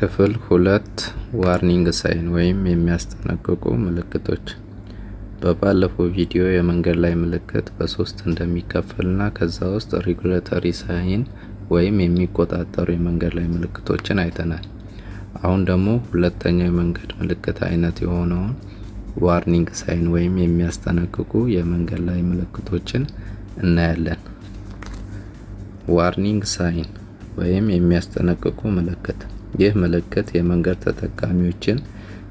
ክፍል ሁለት ዋርኒንግ ሳይን ወይም የሚያስጠነቅቁ ምልክቶች። በባለፈው ቪዲዮ የመንገድ ላይ ምልክት በሶስት እንደሚከፈልና ከዛ ውስጥ ሬጉሌተሪ ሳይን ወይም የሚቆጣጠሩ የመንገድ ላይ ምልክቶችን አይተናል። አሁን ደግሞ ሁለተኛው የመንገድ ምልክት አይነት የሆነውን ዋርኒንግ ሳይን ወይም የሚያስጠነቅቁ የመንገድ ላይ ምልክቶችን እናያለን። ዋርኒንግ ሳይን ወይም የሚያስጠነቅቁ ምልክት ይህ ምልክት የመንገድ ተጠቃሚዎችን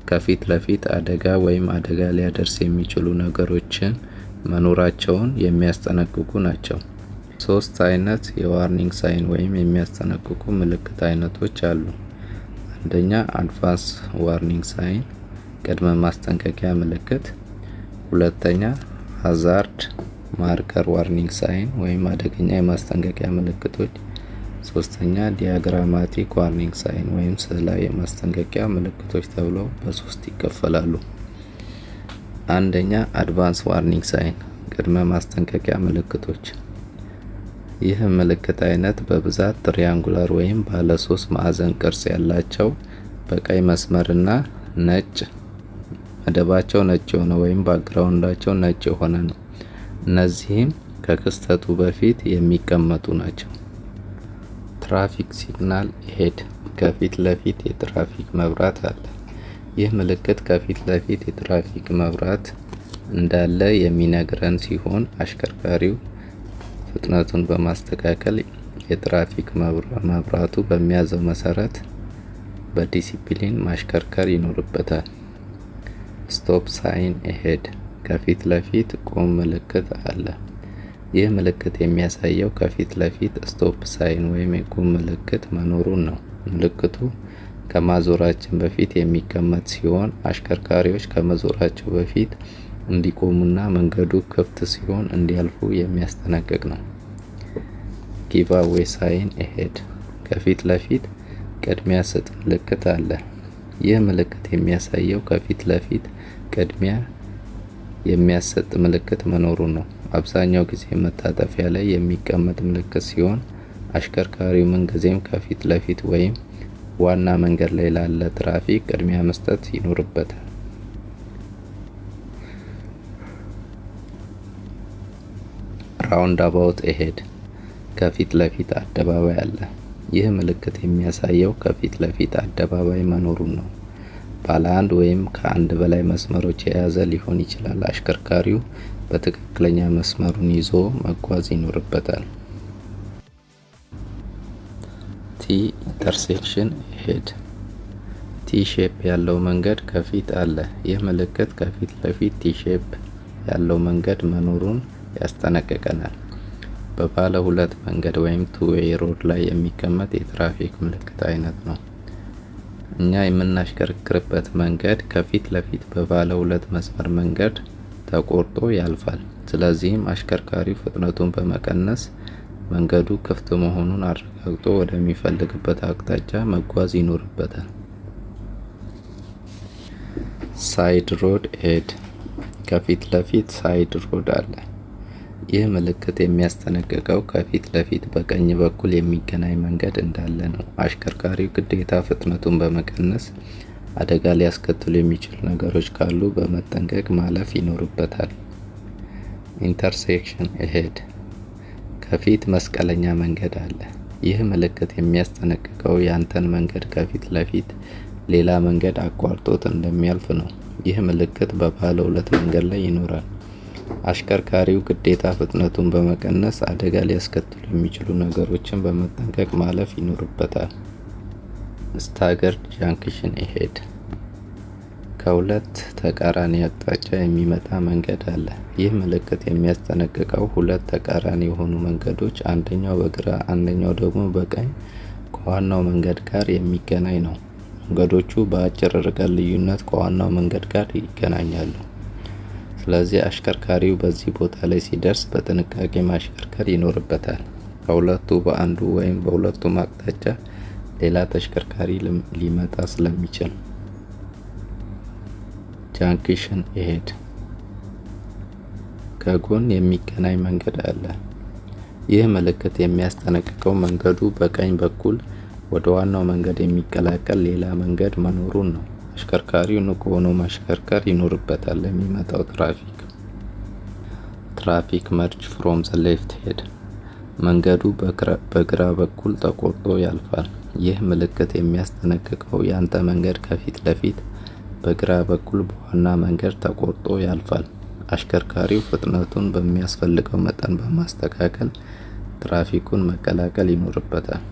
ከፊት ለፊት አደጋ ወይም አደጋ ሊያደርስ የሚችሉ ነገሮችን መኖራቸውን የሚያስጠነቅቁ ናቸው። ሶስት አይነት የዋርኒንግ ሳይን ወይም የሚያስጠነቅቁ ምልክት አይነቶች አሉ። አንደኛ አድቫንስ ዋርኒንግ ሳይን ቅድመ ማስጠንቀቂያ ምልክት፣ ሁለተኛ ሀዛርድ ማርከር ዋርኒንግ ሳይን ወይም አደገኛ የማስጠንቀቂያ ምልክቶች ሶስተኛ ዲያግራማቲክ ዋርኒንግ ሳይን ወይም ስዕላዊ የማስጠንቀቂያ ምልክቶች ተብለው በሶስት ይከፈላሉ። አንደኛ አድቫንስ ዋርኒንግ ሳይን ቅድመ ማስጠንቀቂያ ምልክቶች። ይህ ምልክት አይነት በብዛት ትሪያንጉላር ወይም ባለ ሶስት ማዕዘን ቅርጽ ያላቸው በቀይ መስመርና ነጭ መደባቸው ነጭ የሆነ ወይም ባግራውንዳቸው ነጭ የሆነ ነው። እነዚህም ከክስተቱ በፊት የሚቀመጡ ናቸው። ትራፊክ ሲግናል ሄድ ከፊት ለፊት የትራፊክ መብራት አለ። ይህ ምልክት ከፊት ለፊት የትራፊክ መብራት እንዳለ የሚነግረን ሲሆን አሽከርካሪው ፍጥነቱን በማስተካከል የትራፊክ መብራቱ በሚያዘው መሰረት በዲሲፕሊን ማሽከርከር ይኖርበታል። ስቶፕ ሳይን ሄድ ከፊት ለፊት ቁም ምልክት አለ። ይህ ምልክት የሚያሳየው ከፊት ለፊት ስቶፕ ሳይን ወይም የቁም ምልክት መኖሩን ነው። ምልክቱ ከማዞራችን በፊት የሚቀመጥ ሲሆን አሽከርካሪዎች ከመዞራቸው በፊት እንዲቆሙና መንገዱ ክፍት ሲሆን እንዲያልፉ የሚያስጠነቅቅ ነው። ጊቫዌይ ሳይን ኤሄድ ከፊት ለፊት ቅድሚያ ስጥ ምልክት አለ። ይህ ምልክት የሚያሳየው ከፊት ለፊት ቅድሚያ የሚያሰጥ ምልክት መኖሩን ነው። አብዛኛው ጊዜ መታጠፊያ ላይ የሚቀመጥ ምልክት ሲሆን አሽከርካሪው ምንጊዜም ከፊት ለፊት ወይም ዋና መንገድ ላይ ላለ ትራፊክ ቅድሚያ መስጠት ይኖርበታል። ራውንድ አባውት አሄድ ከፊት ለፊት አደባባይ አለ። ይህ ምልክት የሚያሳየው ከፊት ለፊት አደባባይ መኖሩን ነው። ባለ አንድ ወይም ከአንድ በላይ መስመሮች የያዘ ሊሆን ይችላል። አሽከርካሪው በትክክለኛ መስመሩን ይዞ መጓዝ ይኖርበታል። ቲ ኢንተርሴክሽን ሄድ ቲ ሼፕ ያለው መንገድ ከፊት አለ። ይህ ምልክት ከፊት ለፊት ቲ ሼፕ ያለው መንገድ መኖሩን ያስጠነቅቀናል። በባለ ሁለት መንገድ ወይም ቱዌይ ሮድ ላይ የሚቀመጥ የትራፊክ ምልክት አይነት ነው። እኛ የምናሽከረክርበት መንገድ ከፊት ለፊት በባለ ሁለት መስመር መንገድ ተቆርጦ ያልፋል። ስለዚህም አሽከርካሪው ፍጥነቱን በመቀነስ መንገዱ ክፍት መሆኑን አረጋግጦ ወደሚፈልግበት አቅጣጫ መጓዝ ይኖርበታል። ሳይድ ሮድ ኤድ ከፊት ለፊት ሳይድ ሮድ አለ። ይህ ምልክት የሚያስጠነቅቀው ከፊት ለፊት በቀኝ በኩል የሚገናኝ መንገድ እንዳለ ነው። አሽከርካሪው ግዴታ ፍጥነቱን በመቀነስ አደጋ ሊያስከትሉ የሚችሉ ነገሮች ካሉ በመጠንቀቅ ማለፍ ይኖርበታል። ኢንተርሴክሽን እሄድ ከፊት መስቀለኛ መንገድ አለ። ይህ ምልክት የሚያስጠነቅቀው ያንተን መንገድ ከፊት ለፊት ሌላ መንገድ አቋርጦት እንደሚያልፍ ነው። ይህ ምልክት በባለ ሁለት መንገድ ላይ ይኖራል። አሽከርካሪው ግዴታ ፍጥነቱን በመቀነስ አደጋ ሊያስከትሉ የሚችሉ ነገሮችን በመጠንቀቅ ማለፍ ይኖርበታል። ስታገርድ ጃንክሽን ይሄድ። ከሁለት ተቃራኒ አቅጣጫ የሚመጣ መንገድ አለ። ይህ ምልክት የሚያስጠነቅቀው ሁለት ተቃራኒ የሆኑ መንገዶች አንደኛው በግራ አንደኛው ደግሞ በቀኝ ከዋናው መንገድ ጋር የሚገናኝ ነው። መንገዶቹ በአጭር ርቀት ልዩነት ከዋናው መንገድ ጋር ይገናኛሉ። ስለዚህ አሽከርካሪው በዚህ ቦታ ላይ ሲደርስ በጥንቃቄ ማሽከርከር ይኖርበታል። ከሁለቱ በአንዱ ወይም በሁለቱም አቅጣጫ ሌላ ተሽከርካሪ ሊመጣ ስለሚችል። ጃንክሽን ይሄድ ከጎን የሚገናኝ መንገድ አለ። ይህ ምልክት የሚያስጠነቅቀው መንገዱ በቀኝ በኩል ወደ ዋናው መንገድ የሚቀላቀል ሌላ መንገድ መኖሩን ነው። አሽከርካሪው ንቁ ሆኖ ማሽከርከር ይኖርበታል። ለሚመጣው ትራፊክ ትራፊክ መርጅ ፍሮም ዘ ሌፍት ሄድ መንገዱ በግራ በኩል ተቆርጦ ያልፋል። ይህ ምልክት የሚያስጠነቅቀው የአንተ መንገድ ከፊት ለፊት በግራ በኩል በዋና መንገድ ተቆርጦ ያልፋል። አሽከርካሪው ፍጥነቱን በሚያስፈልገው መጠን በማስተካከል ትራፊኩን መቀላቀል ይኖርበታል።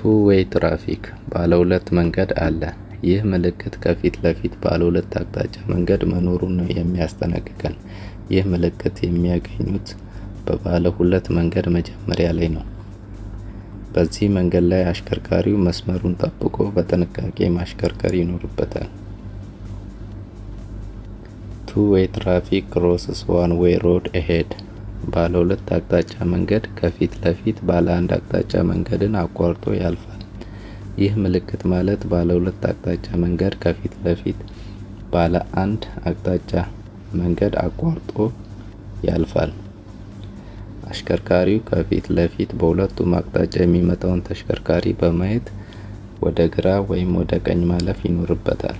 ቱ ዌይ ትራፊክ ባለ ሁለት መንገድ አለ። ይህ ምልክት ከፊት ለፊት ባለ ሁለት አቅጣጫ መንገድ መኖሩን ነው የሚያስጠነቅቀን። ይህ ምልክት የሚያገኙት በባለ ሁለት መንገድ መጀመሪያ ላይ ነው። በዚህ መንገድ ላይ አሽከርካሪው መስመሩን ጠብቆ በጥንቃቄ ማሽከርከር ይኖርበታል። ቱ ዌይ ትራፊክ ክሮስስ ዋን ዌይ ሮድ አሄድ ባለ ሁለት አቅጣጫ መንገድ ከፊት ለፊት ባለ አንድ አቅጣጫ መንገድን አቋርጦ ያልፋል። ይህ ምልክት ማለት ባለ ሁለት አቅጣጫ መንገድ ከፊት ለፊት ባለ አንድ አቅጣጫ መንገድ አቋርጦ ያልፋል። አሽከርካሪው ከፊት ለፊት በሁለቱም አቅጣጫ የሚመጣውን ተሽከርካሪ በማየት ወደ ግራ ወይም ወደ ቀኝ ማለፍ ይኖርበታል።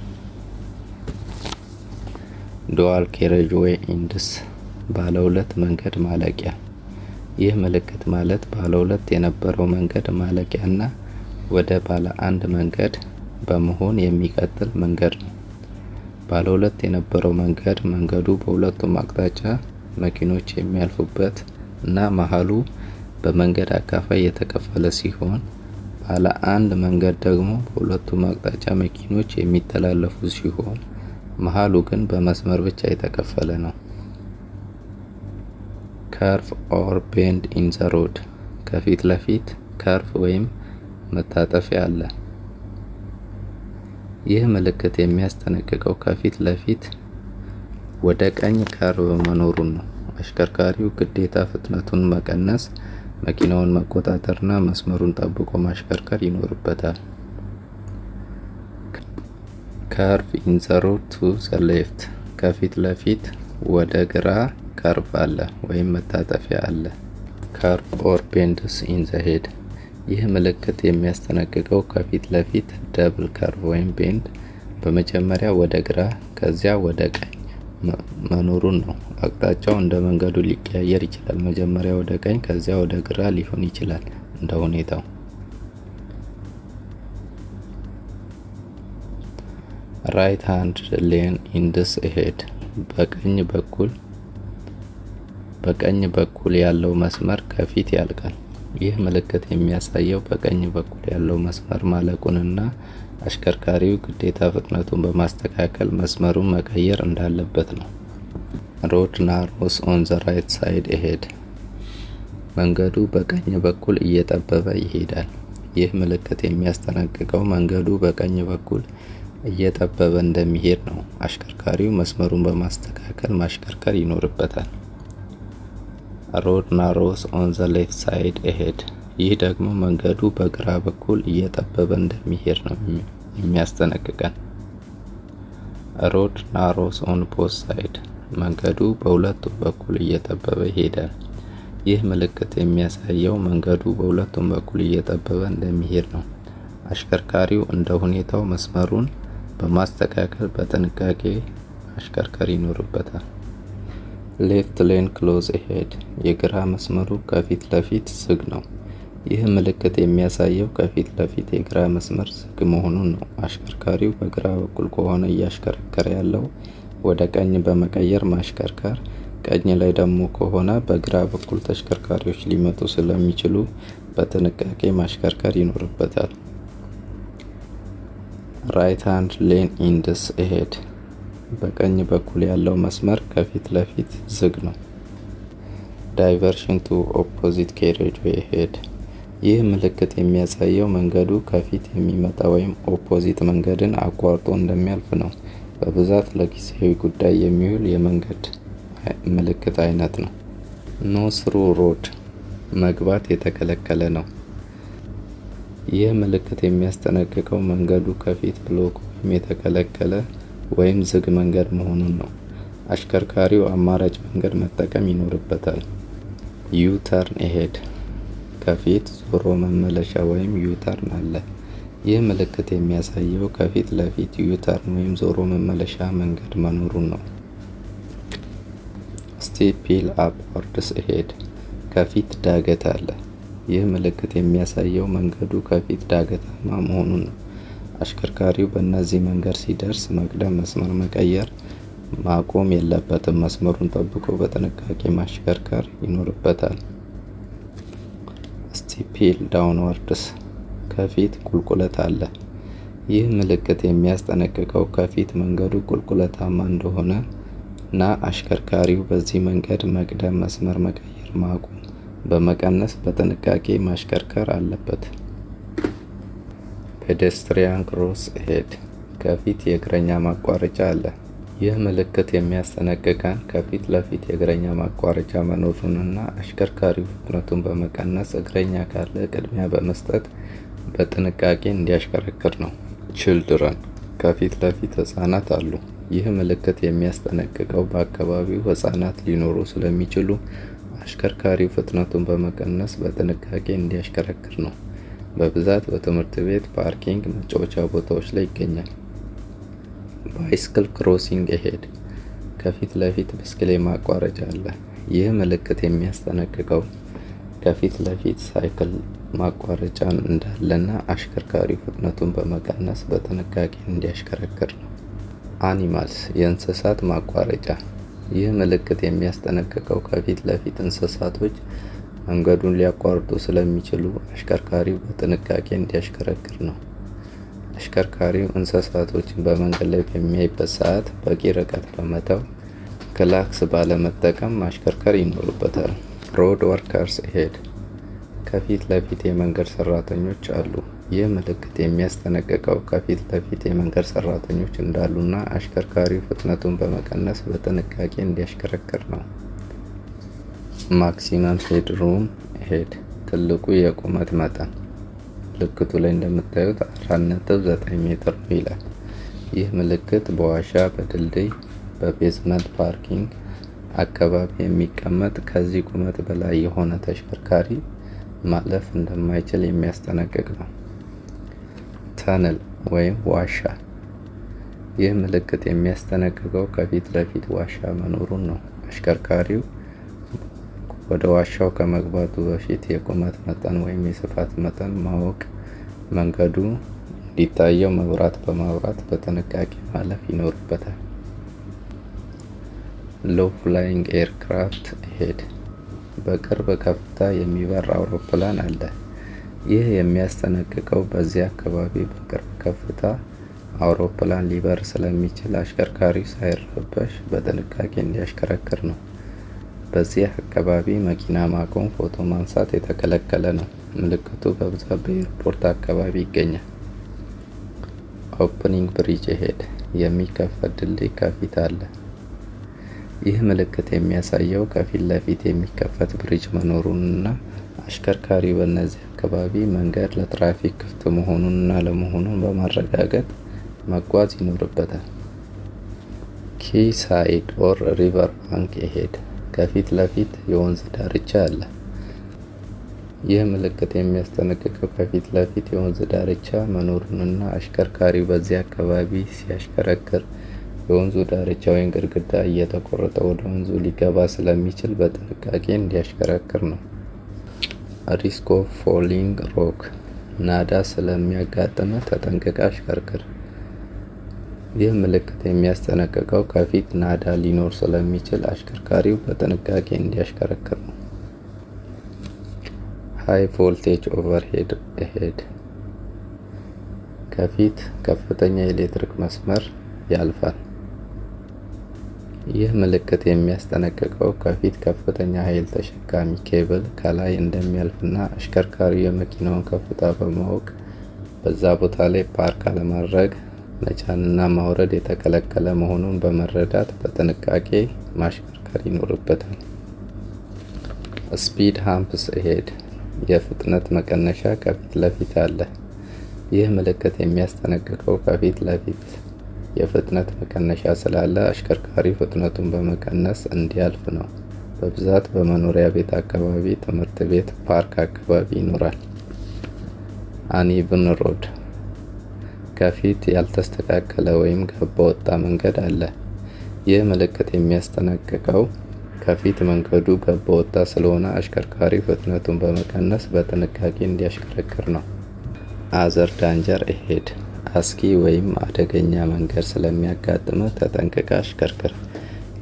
ዱዋል ኬረጅ ዌይ ኢንድስ ባለ ሁለት መንገድ ማለቂያ ይህ ምልክት ማለት ባለ ሁለት የነበረው መንገድ ማለቂያና ወደ ባለ አንድ መንገድ በመሆን የሚቀጥል መንገድ ነው። ባለ ሁለት የነበረው መንገድ መንገዱ በሁለቱም አቅጣጫ መኪኖች የሚያልፉበት እና መሀሉ በመንገድ አካፋይ የተከፈለ ሲሆን ባለ አንድ መንገድ ደግሞ በሁለቱም አቅጣጫ መኪኖች የሚተላለፉ ሲሆን መሀሉ ግን በመስመር ብቻ የተከፈለ ነው። ከርቭ ኦር ቤንድ ኢን ዘ ሮድ ከፊት ለፊት ከርቭ ወይም መታጠፊያ አለ። ይህ ምልክት የሚያስጠነቅቀው ከፊት ለፊት ወደ ቀኝ ከርቭ መኖሩን ነው። አሽከርካሪው ግዴታ ፍጥነቱን መቀነስ፣ መኪናውን መቆጣጠርና መስመሩን ጠብቆ ማሽከርከር ይኖርበታል። ከርቭ ኢን ዘ ሮድ ቱ ዘ ሌፍት ከፊት ለፊት ወደ ግራ ከርቭ አለ ወይም መታጠፊያ አለ። ከርቭ ኦር ቤንድስ ኢን ዘ ሄድ ይህ ምልክት የሚያስጠነቅቀው ከፊት ለፊት ደብል ከርቭ ወይም ቤንድ በመጀመሪያ ወደ ግራ ከዚያ ወደ ቀኝ መኖሩን ነው። አቅጣጫው እንደ መንገዱ ሊቀያየር ይችላል። መጀመሪያ ወደ ቀኝ ከዚያ ወደ ግራ ሊሆን ይችላል እንደ ሁኔታው። ራይት ሃንድ ሌን ኢን ሄድ በቀኝ በኩል በቀኝ በኩል ያለው መስመር ከፊት ያልቃል። ይህ ምልክት የሚያሳየው በቀኝ በኩል ያለው መስመር ማለቁንና አሽከርካሪው ግዴታ ፍጥነቱን በማስተካከል መስመሩን መቀየር እንዳለበት ነው። ሮድ ናሮስ ኦን ዘ ራይት ሳይድ እሄድ መንገዱ በቀኝ በኩል እየጠበበ ይሄዳል። ይህ ምልክት የሚያስተነቅቀው መንገዱ በቀኝ በኩል እየጠበበ እንደሚሄድ ነው። አሽከርካሪው መስመሩን በማስተካከል ማሽከርከር ይኖርበታል። ሮድ ናሮስ ኦን ዘ ሌፍት ሳይድ ahead ይህ ደግሞ መንገዱ በግራ በኩል እየጠበበ እንደሚሄድ ነው የሚያስጠነቅቀን። ሮድ ናሮስ ኦን ቦዝ ሳይድ መንገዱ በሁለቱ በኩል እየጠበበ ይሄዳል። ይህ ምልክት የሚያሳየው መንገዱ በሁለቱም በኩል እየጠበበ እንደሚሄድ ነው። አሽከርካሪው እንደ ሁኔታው መስመሩን በማስተካከል በጥንቃቄ አሽከርካሪ ይኖርበታል። ሌፍት ሌን ክሎዝ ሄድ የግራ መስመሩ ከፊት ለፊት ዝግ ነው። ይህ ምልክት የሚያሳየው ከፊት ለፊት የግራ መስመር ዝግ መሆኑን ነው። አሽከርካሪው በግራ በኩል ከሆነ እያሽከረከረ ያለው ወደ ቀኝ በመቀየር ማሽከርከር፣ ቀኝ ላይ ደግሞ ከሆነ በግራ በኩል ተሽከርካሪዎች ሊመጡ ስለሚችሉ በጥንቃቄ ማሽከርከር ይኖርበታል። ራይት ሃንድ ሌን ኢንደስ ሄድ በቀኝ በኩል ያለው መስመር ከፊት ለፊት ዝግ ነው። ዳይቨርሽን ቱ ኦፖዚት ኬሬጅ ዌይ ሄድ። ይህ ምልክት የሚያሳየው መንገዱ ከፊት የሚመጣ ወይም ኦፖዚት መንገድን አቋርጦ እንደሚያልፍ ነው። በብዛት ለጊዜያዊ ጉዳይ የሚውል የመንገድ ምልክት አይነት ነው። ኖ ስሩ ሮድ መግባት የተከለከለ ነው። ይህ ምልክት የሚያስጠነቅቀው መንገዱ ከፊት ብሎክ ወይም የተከለከለ ወይም ዝግ መንገድ መሆኑን ነው። አሽከርካሪው አማራጭ መንገድ መጠቀም ይኖርበታል ዩተርን ኤሄድ እሄድ ከፊት ዞሮ መመለሻ ወይም ዩተርን አለ። ይህ ምልክት የሚያሳየው ከፊት ለፊት ዩተርን ወይም ዞሮ መመለሻ መንገድ መኖሩን ነው። ስቴፒል አፕዋርድስ እሄድ ከፊት ዳገት አለ። ይህ ምልክት የሚያሳየው መንገዱ ከፊት ዳገታማ መሆኑን ነው። አሽከርካሪው በእነዚህ መንገድ ሲደርስ መቅደም፣ መስመር መቀየር ማቆም የለበትም። መስመሩን ጠብቆ በጥንቃቄ ማሽከርከር ይኖርበታል። ስቲፒል ዳውንወርድስ ከፊት ቁልቁለት አለ። ይህ ምልክት የሚያስጠነቅቀው ከፊት መንገዱ ቁልቁለታማ እንደሆነ እና አሽከርካሪው በዚህ መንገድ መቅደም፣ መስመር መቀየር ማቆም በመቀነስ በጥንቃቄ ማሽከርከር አለበት። ፔዴስትሪያን ክሮስ ሄድ ከፊት የእግረኛ ማቋረጫ አለ። ይህ ምልክት የሚያስጠነቅቀን ከፊት ለፊት የእግረኛ ማቋረጫ መኖሩንና አሽከርካሪው ፍጥነቱን በመቀነስ እግረኛ ካለ ቅድሚያ በመስጠት በጥንቃቄ እንዲያሽከረክር ነው። ችልድረን ከፊት ለፊት ህጻናት አሉ። ይህ ምልክት የሚያስጠነቅቀው በአካባቢው ህጻናት ሊኖሩ ስለሚችሉ አሽከርካሪው ፍጥነቱን በመቀነስ በጥንቃቄ እንዲያሽከረክር ነው። በብዛት በትምህርት ቤት ፓርኪንግ፣ መጫወቻ ቦታዎች ላይ ይገኛል። ባይስክል ክሮሲንግ ሄድ ከፊት ለፊት ብስክሌ ማቋረጫ አለ። ይህ ምልክት የሚያስጠነቅቀው ከፊት ለፊት ሳይክል ማቋረጫ እንዳለና አሽከርካሪው ፍጥነቱን በመቀነስ በጥንቃቄ እንዲያሽከረክር ነው። አኒማልስ የእንስሳት ማቋረጫ ይህ ምልክት የሚያስጠነቅቀው ከፊት ለፊት እንስሳቶች መንገዱን ሊያቋርጡ ስለሚችሉ አሽከርካሪው በጥንቃቄ እንዲያሽከረክር ነው። አሽከርካሪው እንስሳቶችን በመንገድ ላይ በሚያይበት ሰዓት በቂ ርቀት በመተው ክላክስ ባለመጠቀም ማሽከርከር ይኖርበታል። ሮድ ወርከርስ ሄድ ከፊት ለፊት የመንገድ ሰራተኞች አሉ። ይህ ምልክት የሚያስጠነቅቀው ከፊት ለፊት የመንገድ ሰራተኞች እንዳሉና አሽከርካሪው ፍጥነቱን በመቀነስ በጥንቃቄ እንዲያሽከረክር ነው። ማክሲመም ሄድሩም ሄድ ትልቁ የቁመት መጠን ምልክቱ ላይ እንደምታዩት 4.9 ሜትር ነው ይላል። ይህ ምልክት በዋሻ በድልድይ በቤዝመንት ፓርኪንግ አካባቢ የሚቀመጥ ከዚህ ቁመት በላይ የሆነ ተሽከርካሪ ማለፍ እንደማይችል የሚያስጠነቅቅ ነው። ተንል ወይም ዋሻ። ይህ ምልክት የሚያስጠነቅቀው ከፊት ለፊት ዋሻ መኖሩን ነው። አሽከርካሪው ወደ ዋሻው ከመግባቱ በፊት የቁመት መጠን ወይም የስፋት መጠን ማወቅ መንገዱ እንዲታየው መብራት በማብራት በጥንቃቄ ማለፍ ይኖርበታል። ሎ ፍላይንግ ኤርክራፍት ሄድ በቅርብ ከፍታ የሚበር አውሮፕላን አለ። ይህ የሚያስጠነቅቀው በዚህ አካባቢ በቅርብ ከፍታ አውሮፕላን ሊበር ስለሚችል አሽከርካሪው ሳይረበሽ በጥንቃቄ እንዲያሽከረክር ነው። በዚህ አካባቢ መኪና ማቆም ፎቶ ማንሳት የተከለከለ ነው። ምልክቱ በብዛት በኤርፖርት አካባቢ ይገኛል። ኦፕኒንግ ብሪጅ ሄድ የሚከፈት ድልድይ ከፊት አለ። ይህ ምልክት የሚያሳየው ከፊት ለፊት የሚከፈት ብሪጅ መኖሩንና አሽከርካሪ በእነዚህ አካባቢ መንገድ ለትራፊክ ክፍት መሆኑንና ለመሆኑን በማረጋገጥ መጓዝ ይኖርበታል። ኪሳይድ ኦር ሪቨር ባንክ ሄድ ከፊት ለፊት የወንዝ ዳርቻ አለ። ይህ ምልክት የሚያስጠነቅቀው ከፊት ለፊት የወንዝ ዳርቻ መኖሩንና አሽከርካሪ በዚያ አካባቢ ሲያሽከረክር የወንዙ ዳርቻ ወይም ግድግዳ እየተቆረጠ ወደ ወንዙ ሊገባ ስለሚችል በጥንቃቄ እንዲያሽከረክር ነው። ሪስክ ኦፍ ፎሊንግ ሮክ ናዳ ስለሚያጋጥመ ተጠንቅቀ አሽከርክር። ይህ ምልክት የሚያስጠነቅቀው ከፊት ናዳ ሊኖር ስለሚችል አሽከርካሪው በጥንቃቄ እንዲያሽከረክር ነው። ሃይ ቮልቴጅ ኦቨርሄድ ሄድ ከፊት ከፍተኛ የኤሌክትሪክ መስመር ያልፋል። ይህ ምልክት የሚያስጠነቅቀው ከፊት ከፍተኛ ኃይል ተሸካሚ ኬብል ከላይ እንደሚያልፍና አሽከርካሪው የመኪናውን ከፍታ በማወቅ በዛ ቦታ ላይ ፓርክ አለማድረግ መጫንና ማውረድ የተከለከለ መሆኑን በመረዳት በጥንቃቄ ማሽከርከር ይኖርበታል። ስፒድ ሃምፕ ስሄድ የፍጥነት መቀነሻ ከፊት ለፊት አለ። ይህ ምልክት የሚያስጠነቅቀው ከፊት ለፊት የፍጥነት መቀነሻ ስላለ አሽከርካሪው ፍጥነቱን በመቀነስ እንዲያልፍ ነው። በብዛት በመኖሪያ ቤት አካባቢ፣ ትምህርት ቤት፣ ፓርክ አካባቢ ይኖራል። አኒብን ሮድ ከፊት ያልተስተካከለ ወይም ወጣ መንገድ አለ። ይህ ምልክት የሚያስጠነቅቀው ከፊት መንገዱ ወጣ ስለሆነ አሽከርካሪ ፍጥነቱን በመቀነስ በጥንቃቄ እንዲያሽከረክር ነው። አዘር ዳንጀር እሄድ አስኪ ወይም አደገኛ መንገድ ስለሚያጋጥመ ተጠንቅቀ አሽከርክር።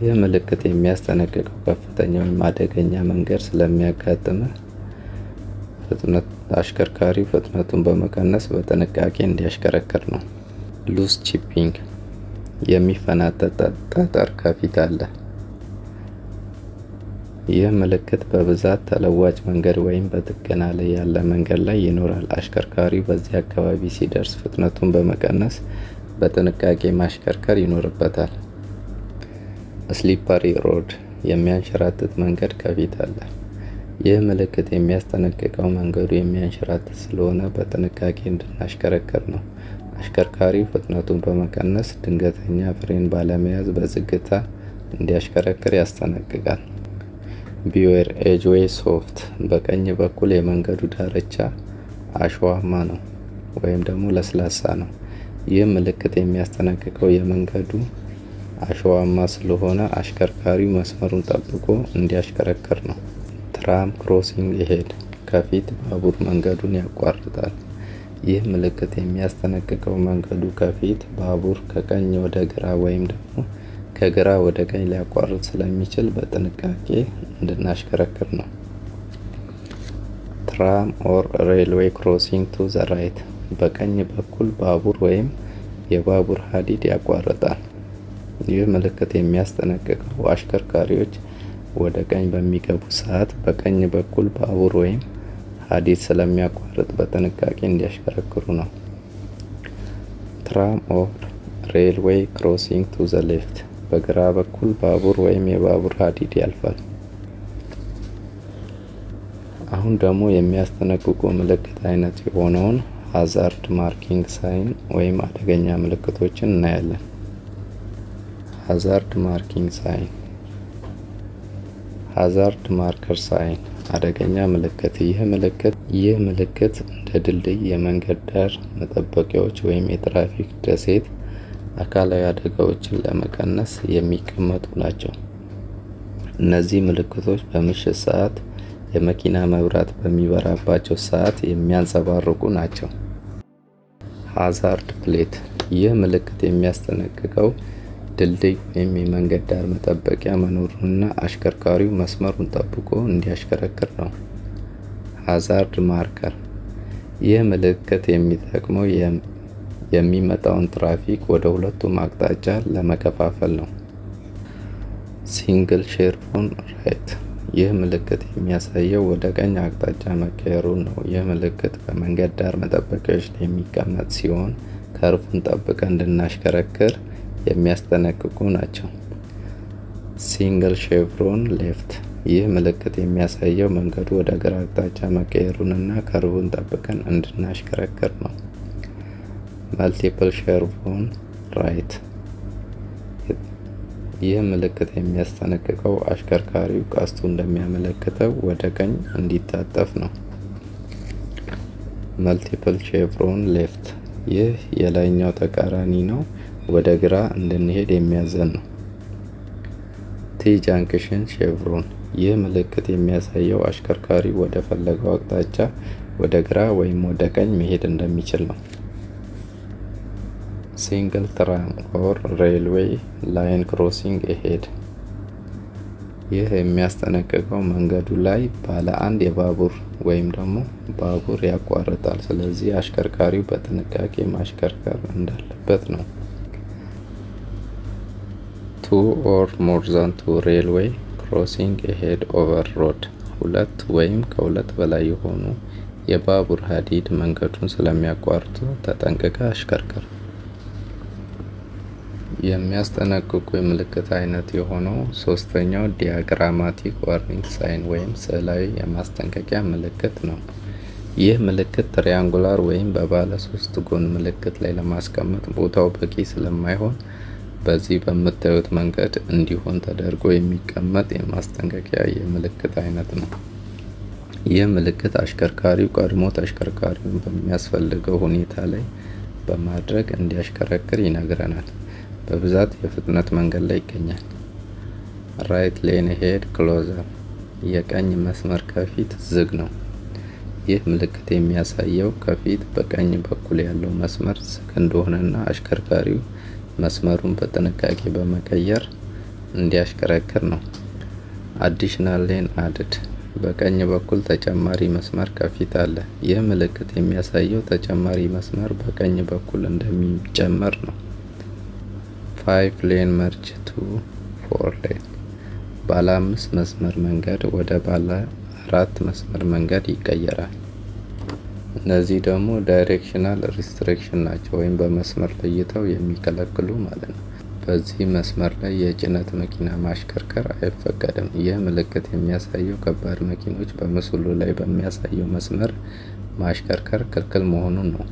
ይህ ምልክት የሚያስጠነቅቀው ከፍተኛ ወይም አደገኛ መንገድ ስለሚያጋጥመ ፍጥነት አሽከርካሪው ፍጥነቱን በመቀነስ በጥንቃቄ እንዲያሽከረክር ነው። ሉስ ቺፒንግ የሚፈናጠጥ ጠጠር ከፊት አለ። ይህ ምልክት በብዛት ተለዋጭ መንገድ ወይም በጥገና ላይ ያለ መንገድ ላይ ይኖራል። አሽከርካሪው በዚህ አካባቢ ሲደርስ ፍጥነቱን በመቀነስ በጥንቃቄ ማሽከርከር ይኖርበታል። ስሊፐሪ ሮድ የሚያንሸራትት መንገድ ከፊት አለ። ይህ ምልክት የሚያስጠነቅቀው መንገዱ የሚያንሽራት ስለሆነ በጥንቃቄ እንድናሽከረክር ነው። አሽከርካሪ ፍጥነቱን በመቀነስ ድንገተኛ ፍሬን ባለመያዝ በዝግታ እንዲያሽከረክር ያስጠነቅቃል። ቢዌር ኤጅዌይ ሶፍት። በቀኝ በኩል የመንገዱ ዳርቻ አሸዋማ ነው ወይም ደግሞ ለስላሳ ነው። ይህ ምልክት የሚያስጠነቅቀው የመንገዱ አሸዋማ ስለሆነ አሽከርካሪው መስመሩን ጠብቆ እንዲያሽከረክር ነው። ትራም ክሮሲንግ ይሄድ ከፊት ባቡር መንገዱን ያቋርጣል። ይህ ምልክት የሚያስጠነቅቀው መንገዱ ከፊት ባቡር ከቀኝ ወደ ግራ ወይም ደግሞ ከግራ ወደ ቀኝ ሊያቋርጥ ስለሚችል በጥንቃቄ እንድናሽከረክር ነው። ትራም ኦር ሬልዌይ ክሮሲንግ ቱ ዘ ራይት በቀኝ በኩል ባቡር ወይም የባቡር ሀዲድ ያቋርጣል። ይህ ምልክት የሚያስጠነቅቀው አሽከርካሪዎች ወደ ቀኝ በሚገቡ ሰዓት በቀኝ በኩል ባቡር ወይም ሀዲድ ስለሚያቋርጥ በጥንቃቄ እንዲያሽከረክሩ ነው። ትራም ኦር ሬልዌይ ክሮሲንግ ቱ ዘ ሌፍት፣ በግራ በኩል ባቡር ወይም የባቡር ሀዲድ ያልፋል። አሁን ደግሞ የሚያስጠነቅቁ ምልክት አይነት የሆነውን ሃዛርድ ማርኪንግ ሳይን ወይም አደገኛ ምልክቶችን እናያለን። ሀዛርድ ማርኪንግ ሳይን ሃዛርድ ማርከር ሳይን አደገኛ ምልክት ይህ ምልክት ይህ ምልክት እንደ ድልድይ፣ የመንገድ ዳር መጠበቂያዎች ወይም የትራፊክ ደሴት አካላዊ አደጋዎችን ለመቀነስ የሚቀመጡ ናቸው። እነዚህ ምልክቶች በምሽት ሰዓት የመኪና መብራት በሚበራባቸው ሰዓት የሚያንጸባርቁ ናቸው። ሃዛርድ ፕሌት ይህ ምልክት የሚያስጠነቅቀው ድልድይ ወይም የመንገድ ዳር መጠበቂያ መኖሩንና አሽከርካሪው መስመሩን ጠብቆ እንዲያሽከረክር ነው። ሃዛርድ ማርከር ይህ ምልክት የሚጠቅመው የሚመጣውን ትራፊክ ወደ ሁለቱም አቅጣጫ ለመከፋፈል ነው። ሲንግል ሼርፎን ራይት ይህ ምልክት የሚያሳየው ወደ ቀኝ አቅጣጫ መቀየሩን ነው። ይህ ምልክት በመንገድ ዳር መጠበቂያዎች ላይ የሚቀመጥ ሲሆን ከርፉን ጠብቀን እንድናሽከረክር የሚያስጠነቅቁ ናቸው። ሲንግል ሼቭሮን ሌፍት ይህ ምልክት የሚያሳየው መንገዱ ወደ ግራ አቅጣጫ መቀየሩንና ከርቡን ጠብቀን እንድናሽከረክር ነው። መልቲፕል ሼቭሮን ራይት ይህ ምልክት የሚያስጠነቅቀው አሽከርካሪው ቀስቱ እንደሚያመለክተው ወደ ቀኝ እንዲታጠፍ ነው። መልቲፕል ሼቭሮን ሌፍት ይህ የላይኛው ተቃራኒ ነው። ወደ ግራ እንድንሄድ የሚያዘን ነው። ቲ ጃንክሽን ሼቭሮን። ይህ ምልክት የሚያሳየው አሽከርካሪ ወደ ፈለገው አቅጣጫ ወደ ግራ ወይም ወደ ቀኝ መሄድ እንደሚችል ነው። ሲንግል ትራም ኦር ሬልዌይ ላይን ክሮሲንግ ሄድ። ይህ የሚያስጠነቅቀው መንገዱ ላይ ባለ አንድ የባቡር ወይም ደግሞ ባቡር ያቋርጣል። ስለዚህ አሽከርካሪው በጥንቃቄ ማሽከርከር እንዳለበት ነው። ቱ ኦር ሞር ዛን ቱ ሬልዌይ ክሮሲንግ ኤሄድ ኦቨር ሮድ ሁለት ወይም ከሁለት በላይ የሆኑ የባቡር ሀዲድ መንገዱን ስለሚያቋርጡ ተጠንቅቀ አሽከርክር። የሚያስጠነቅቁ የምልክት አይነት የሆነው ሶስተኛው ዲያግራማቲክ ዋርኒንግ ሳይን ወይም ስዕላዊ የማስጠንቀቂያ ምልክት ነው። ይህ ምልክት ትሪያንጉላር ወይም በባለ ሶስት ጎን ምልክት ላይ ለማስቀመጥ ቦታው በቂ ስለማይሆን በዚህ በምታዩት መንገድ እንዲሆን ተደርጎ የሚቀመጥ የማስጠንቀቂያ የምልክት አይነት ነው። ይህ ምልክት አሽከርካሪው ቀድሞ ተሽከርካሪውን በሚያስፈልገው ሁኔታ ላይ በማድረግ እንዲያሽከረክር ይነግረናል። በብዛት የፍጥነት መንገድ ላይ ይገኛል። ራይት ሌን ሄድ ክሎዘር፣ የቀኝ መስመር ከፊት ዝግ ነው። ይህ ምልክት የሚያሳየው ከፊት በቀኝ በኩል ያለው መስመር ዝግ እንደሆነና አሽከርካሪው መስመሩን በጥንቃቄ በመቀየር እንዲያሽከረክር ነው። አዲሽናል ሌን አድድ በቀኝ በኩል ተጨማሪ መስመር ከፊት አለ። ይህ ምልክት የሚያሳየው ተጨማሪ መስመር በቀኝ በኩል እንደሚጨመር ነው። ፋይቭ ሌን መርጅ ቱ ፎር ሌን ባለ አምስት መስመር መንገድ ወደ ባለ አራት መስመር መንገድ ይቀየራል። እነዚህ ደግሞ ዳይሬክሽናል ሪስትሪክሽን ናቸው ወይም በመስመር ለይተው የሚከለክሉ ማለት ነው። በዚህ መስመር ላይ የጭነት መኪና ማሽከርከር አይፈቀድም። ይህ ምልክት የሚያሳየው ከባድ መኪኖች በምስሉ ላይ በሚያሳየው መስመር ማሽከርከር ክልክል መሆኑን ነው።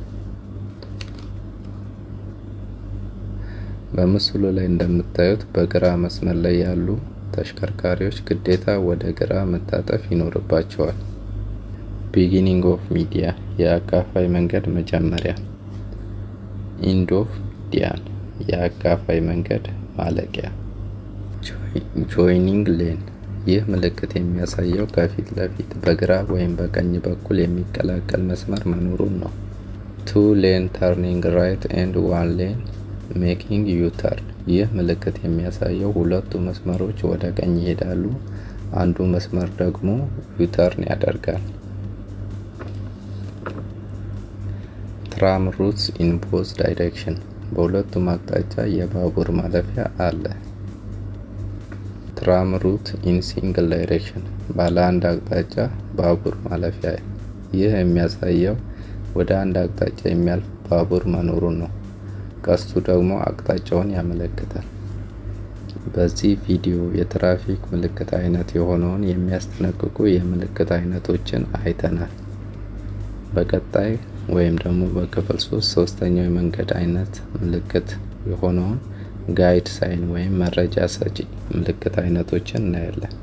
በምስሉ ላይ እንደምታዩት በግራ መስመር ላይ ያሉ ተሽከርካሪዎች ግዴታ ወደ ግራ መታጠፍ ይኖርባቸዋል። ቢጊኒንግ ኦፍ ሚዲያ የአካፋይ መንገድ መጀመሪያ ኢንድ ኦፍ ሚዲያን የአካፋይ መንገድ ማለቂያ ጆይኒንግ ሌን ይህ ምልክት የሚያሳየው ከፊት ለፊት በግራ ወይም በቀኝ በኩል የሚቀላቀል መስመር መኖሩን ነው። ቱ ሌን ተርኒንግ ራይት ኤንድ ዋን ሌን ሜኪንግ ዩ ይህ ምልክት የሚያሳየው ሁለቱ መስመሮች ወደ ቀኝ ይሄዳሉ፣ አንዱ መስመር ደግሞ ዩተርን ያደርጋል። ትራም ሩትስ ኢን ቦዝ ዳይሬክሽን በሁለቱም አቅጣጫ የባቡር ማለፊያ አለ። ትራም ሩት ኢን ሲንግል ዳይሬክሽን ባለ አንድ አቅጣጫ ባቡር ማለፊያ። ይህ የሚያሳየው ወደ አንድ አቅጣጫ የሚያልፍ ባቡር መኖሩን ነው። ቀስቱ ደግሞ አቅጣጫውን ያመለክታል። በዚህ ቪዲዮ የትራፊክ ምልክት አይነት የሆነውን የሚያስጠነቅቁ የምልክት አይነቶችን አይተናል። በቀጣይ ወይም ደግሞ በክፍል ሶስት ሶስተኛው የመንገድ አይነት ምልክት የሆነውን ጋይድ ሳይን ወይም መረጃ ሰጪ ምልክት አይነቶችን እናያለን።